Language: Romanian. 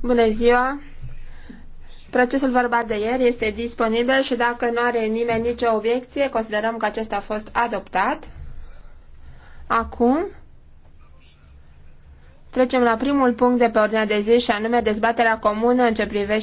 Bună ziua! Procesul vorbat de ieri este disponibil și dacă nu are nimeni nicio obiecție, considerăm că acesta a fost adoptat. Acum trecem la primul punct de pe ordinea de zi și anume dezbaterea comună în ce privește